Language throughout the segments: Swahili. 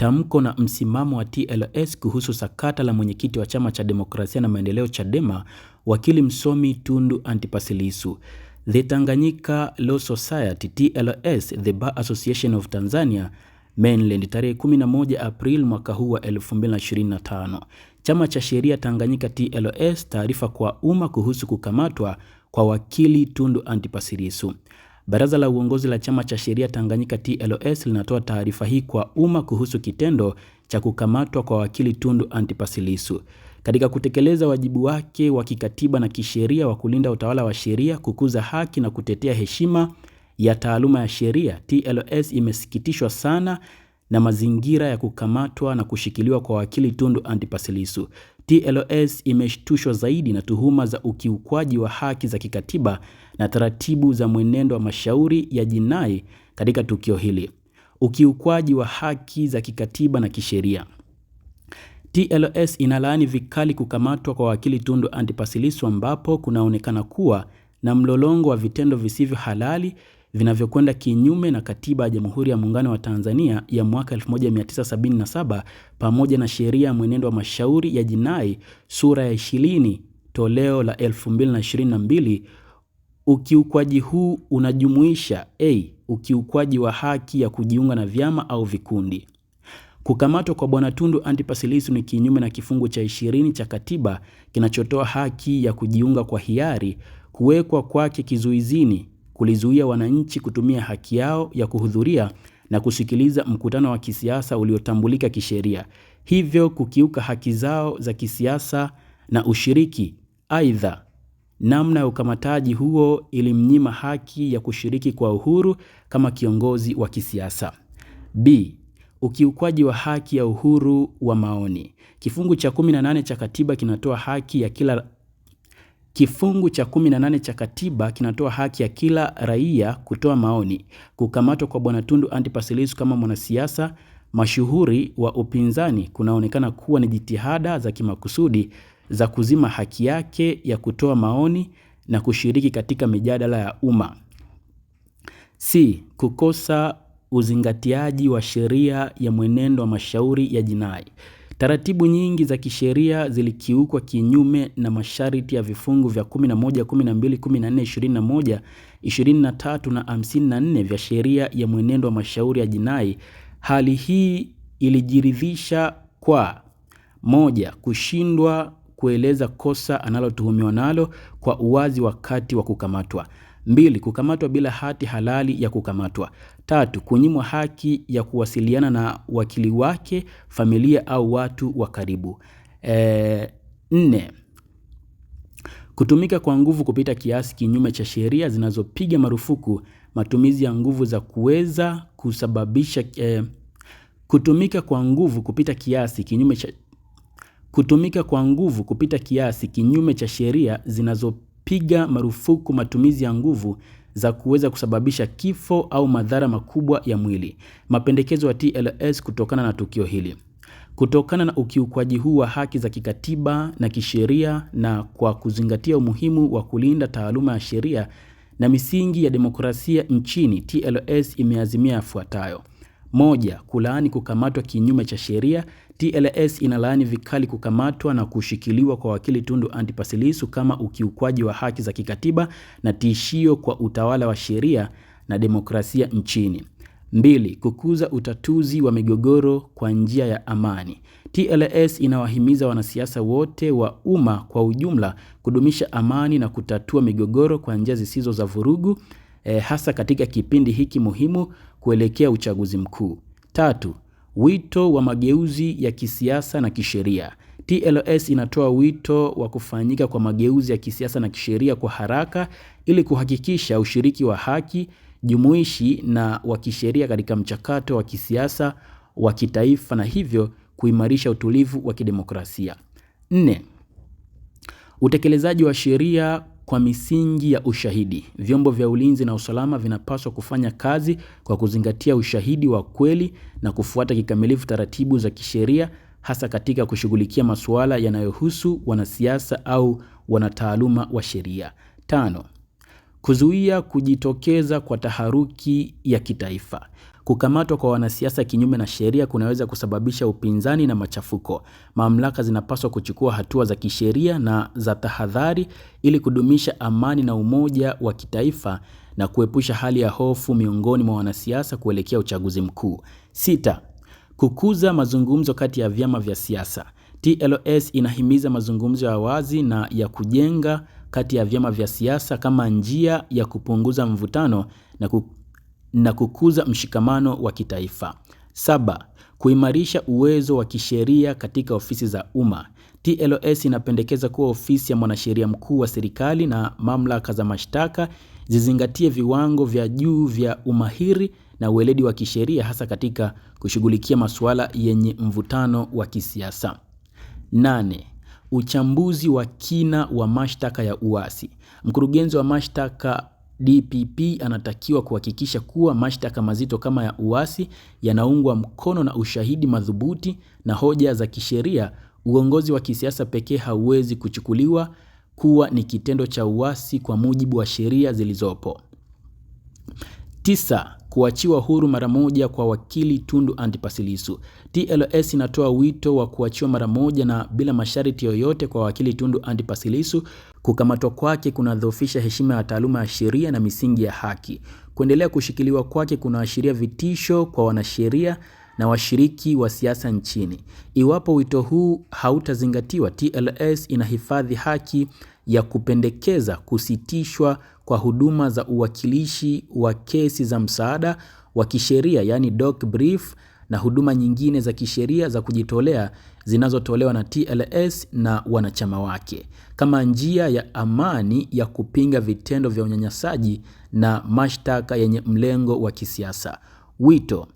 Tamko na msimamo wa TLS kuhusu sakata la mwenyekiti wa chama cha demokrasia na maendeleo Chadema, wakili msomi Tundu Antipas Lissu. The Tanganyika Law Society TLS, the Bar Association of Tanzania Mainland, tarehe 11 April mwaka huu wa 2025. Chama cha sheria Tanganyika TLS, taarifa kwa umma kuhusu kukamatwa kwa wakili Tundu Antipas Lissu. Baraza la uongozi la chama cha sheria Tanganyika TLS linatoa taarifa hii kwa umma kuhusu kitendo cha kukamatwa kwa wakili Tundu Antipas Lissu katika kutekeleza wajibu wake wa kikatiba na kisheria wa kulinda utawala wa sheria, kukuza haki na kutetea heshima ya taaluma ya sheria. TLS imesikitishwa sana na mazingira ya kukamatwa na kushikiliwa kwa wakili Tundu Antipas Lissu. TLS imeshtushwa zaidi na tuhuma za ukiukwaji wa haki za kikatiba na taratibu za mwenendo wa mashauri ya jinai katika tukio hili. Ukiukwaji wa haki za kikatiba na kisheria. TLS inalaani vikali kukamatwa kwa wakili Tundu Antipas Lissu ambapo kunaonekana kuwa na mlolongo wa vitendo visivyo halali vinavyokwenda kinyume na Katiba ya Jamhuri ya Muungano wa Tanzania ya mwaka 1977 pamoja na Sheria ya Mwenendo wa Mashauri ya Jinai sura ya 20 toleo la 2022. Ukiukwaji huu unajumuisha a, ukiukwaji wa haki ya kujiunga na vyama au vikundi. Kukamatwa kwa Bwana Tundu Antipas Lissu ni kinyume na kifungu cha 20 cha katiba kinachotoa haki ya kujiunga kwa hiari. Kuwekwa kwake kizuizini kulizuia wananchi kutumia haki yao ya kuhudhuria na kusikiliza mkutano wa kisiasa uliotambulika kisheria, hivyo kukiuka haki zao za kisiasa na ushiriki. Aidha, namna ya ukamataji huo ilimnyima haki ya kushiriki kwa uhuru kama kiongozi wa kisiasa. B. Ukiukwaji wa haki ya uhuru wa maoni. Kifungu cha 18 cha katiba kinatoa haki ya kila Kifungu cha 18 cha katiba kinatoa haki ya kila raia kutoa maoni. Kukamatwa kwa Bwana Tundu Antipas Lissu kama mwanasiasa mashuhuri wa upinzani kunaonekana kuwa ni jitihada za kimakusudi za kuzima haki yake ya kutoa maoni na kushiriki katika mijadala ya umma. Si Kukosa uzingatiaji wa sheria ya mwenendo wa mashauri ya jinai. Taratibu nyingi za kisheria zilikiukwa kinyume na masharti ya vifungu vya 11, 12, 14, 21, 23 na 54 vya Sheria ya Mwenendo wa Mashauri ya Jinai. Hali hii ilijiridhisha kwa moja, kushindwa kueleza kosa analotuhumiwa nalo kwa uwazi wakati wa kukamatwa mbili, kukamatwa bila hati halali ya kukamatwa; tatu, kunyimwa haki ya kuwasiliana na wakili wake, familia au watu wa karibu. E, nne, kutumika kwa nguvu kupita kiasi kinyume cha sheria zinazopiga marufuku matumizi ya nguvu za kuweza kusababisha e, kutumika kwa nguvu kupita kiasi kinyume cha kutumika kwa nguvu kupita kiasi kinyume cha sheria zinazo kupiga marufuku matumizi ya nguvu za kuweza kusababisha kifo au madhara makubwa ya mwili. Mapendekezo ya TLS kutokana na tukio hili. Kutokana na ukiukwaji huu wa haki za kikatiba na kisheria na kwa kuzingatia umuhimu wa kulinda taaluma ya sheria na misingi ya demokrasia nchini, TLS imeazimia yafuatayo. Moja, kulaani kukamatwa kinyume cha sheria. TLS inalaani vikali kukamatwa na kushikiliwa kwa wakili Tundu Antipas Lissu kama ukiukwaji wa haki za kikatiba na tishio kwa utawala wa sheria na demokrasia nchini. Mbili, kukuza utatuzi wa migogoro kwa njia ya amani. TLS inawahimiza wanasiasa wote wa umma kwa ujumla kudumisha amani na kutatua migogoro kwa njia zisizo za vurugu e, hasa katika kipindi hiki muhimu kuelekea uchaguzi mkuu. Tatu, wito wa mageuzi ya kisiasa na kisheria. TLS inatoa wito wa kufanyika kwa mageuzi ya kisiasa na kisheria kwa haraka ili kuhakikisha ushiriki wa haki, jumuishi na wa kisheria katika mchakato wa kisiasa wa kitaifa na hivyo kuimarisha utulivu wa kidemokrasia. Nne, utekelezaji wa sheria kwa misingi ya ushahidi, vyombo vya ulinzi na usalama vinapaswa kufanya kazi kwa kuzingatia ushahidi wa kweli na kufuata kikamilifu taratibu za kisheria, hasa katika kushughulikia masuala yanayohusu wanasiasa au wanataaluma wa sheria. Tano, kuzuia kujitokeza kwa taharuki ya kitaifa. Kukamatwa kwa wanasiasa kinyume na sheria kunaweza kusababisha upinzani na machafuko. Mamlaka zinapaswa kuchukua hatua za kisheria na za tahadhari ili kudumisha amani na umoja wa kitaifa na kuepusha hali ya hofu miongoni mwa wanasiasa kuelekea uchaguzi mkuu. Sita, kukuza mazungumzo kati ya vyama vya siasa. TLS inahimiza mazungumzo ya wazi na ya kujenga kati ya vyama vya siasa kama njia ya kupunguza mvutano na, na kukuza mshikamano wa kitaifa. Saba, kuimarisha uwezo wa kisheria katika ofisi za umma. TLS inapendekeza kuwa ofisi ya mwanasheria mkuu wa serikali na mamlaka za mashtaka zizingatie viwango vya juu vya umahiri na ueledi wa kisheria hasa katika kushughulikia masuala yenye mvutano wa kisiasa. Nane, uchambuzi wa kina wa mashtaka ya uasi. Mkurugenzi wa mashtaka DPP anatakiwa kuhakikisha kuwa mashtaka mazito kama ya uasi yanaungwa mkono na ushahidi madhubuti na hoja za kisheria. Uongozi wa kisiasa pekee hauwezi kuchukuliwa kuwa ni kitendo cha uasi kwa mujibu wa sheria zilizopo. Tisa, kuachiwa huru mara moja kwa wakili Tundu Antipas Lissu. TLS inatoa wito wa kuachiwa mara moja na bila masharti yoyote kwa wakili Tundu Antipas Lissu. Kukamatwa kwake kunadhoofisha heshima ya taaluma ya sheria na misingi ya haki. Kuendelea kushikiliwa kwake kunaashiria vitisho kwa wanasheria na washiriki wa siasa nchini. Iwapo wito huu hautazingatiwa, TLS inahifadhi haki ya kupendekeza kusitishwa kwa huduma za uwakilishi wa kesi za msaada wa kisheria yani doc brief na huduma nyingine za kisheria za kujitolea zinazotolewa na TLS na wanachama wake kama njia ya amani ya kupinga vitendo vya unyanyasaji na mashtaka yenye mlengo wa kisiasa. Wito: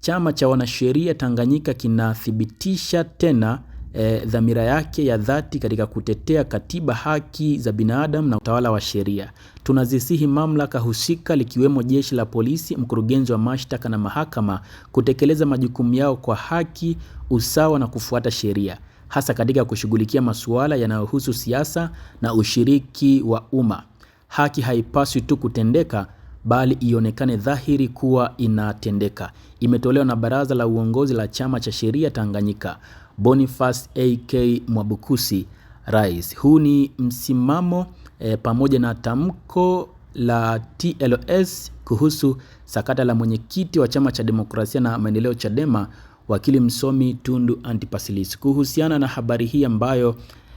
Chama cha Wanasheria Tanganyika kinathibitisha tena e, dhamira yake ya dhati katika kutetea katiba, haki za binadamu na utawala wa sheria. Tunazisihi mamlaka husika likiwemo jeshi la polisi, mkurugenzi wa mashtaka na mahakama kutekeleza majukumu yao kwa haki, usawa na kufuata sheria, hasa katika kushughulikia masuala yanayohusu siasa na ushiriki wa umma. Haki haipaswi tu kutendeka bali ionekane dhahiri kuwa inatendeka. Imetolewa na Baraza la Uongozi la Chama cha Sheria Tanganyika. Boniface AK Mwabukusi rais. Huu ni msimamo e, pamoja na tamko la TLS kuhusu sakata la mwenyekiti wa chama cha demokrasia na maendeleo Chadema, wakili msomi Tundu Antipas Lissu. Kuhusiana na habari hii ambayo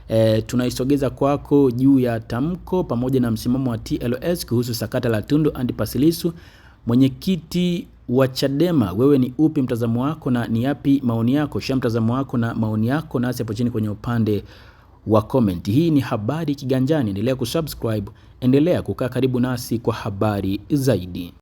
e, tunaisogeza kwako juu ya tamko pamoja na msimamo wa TLS kuhusu sakata la Tundu Antipas Lissu, mwenyekiti wa Chadema, wewe ni upi mtazamo wako na ni yapi maoni yako? Shia mtazamo wako na maoni yako nasi hapo chini kwenye upande wa comment. Hii ni Habari Kiganjani, endelea kusubscribe, endelea kukaa karibu nasi kwa habari zaidi.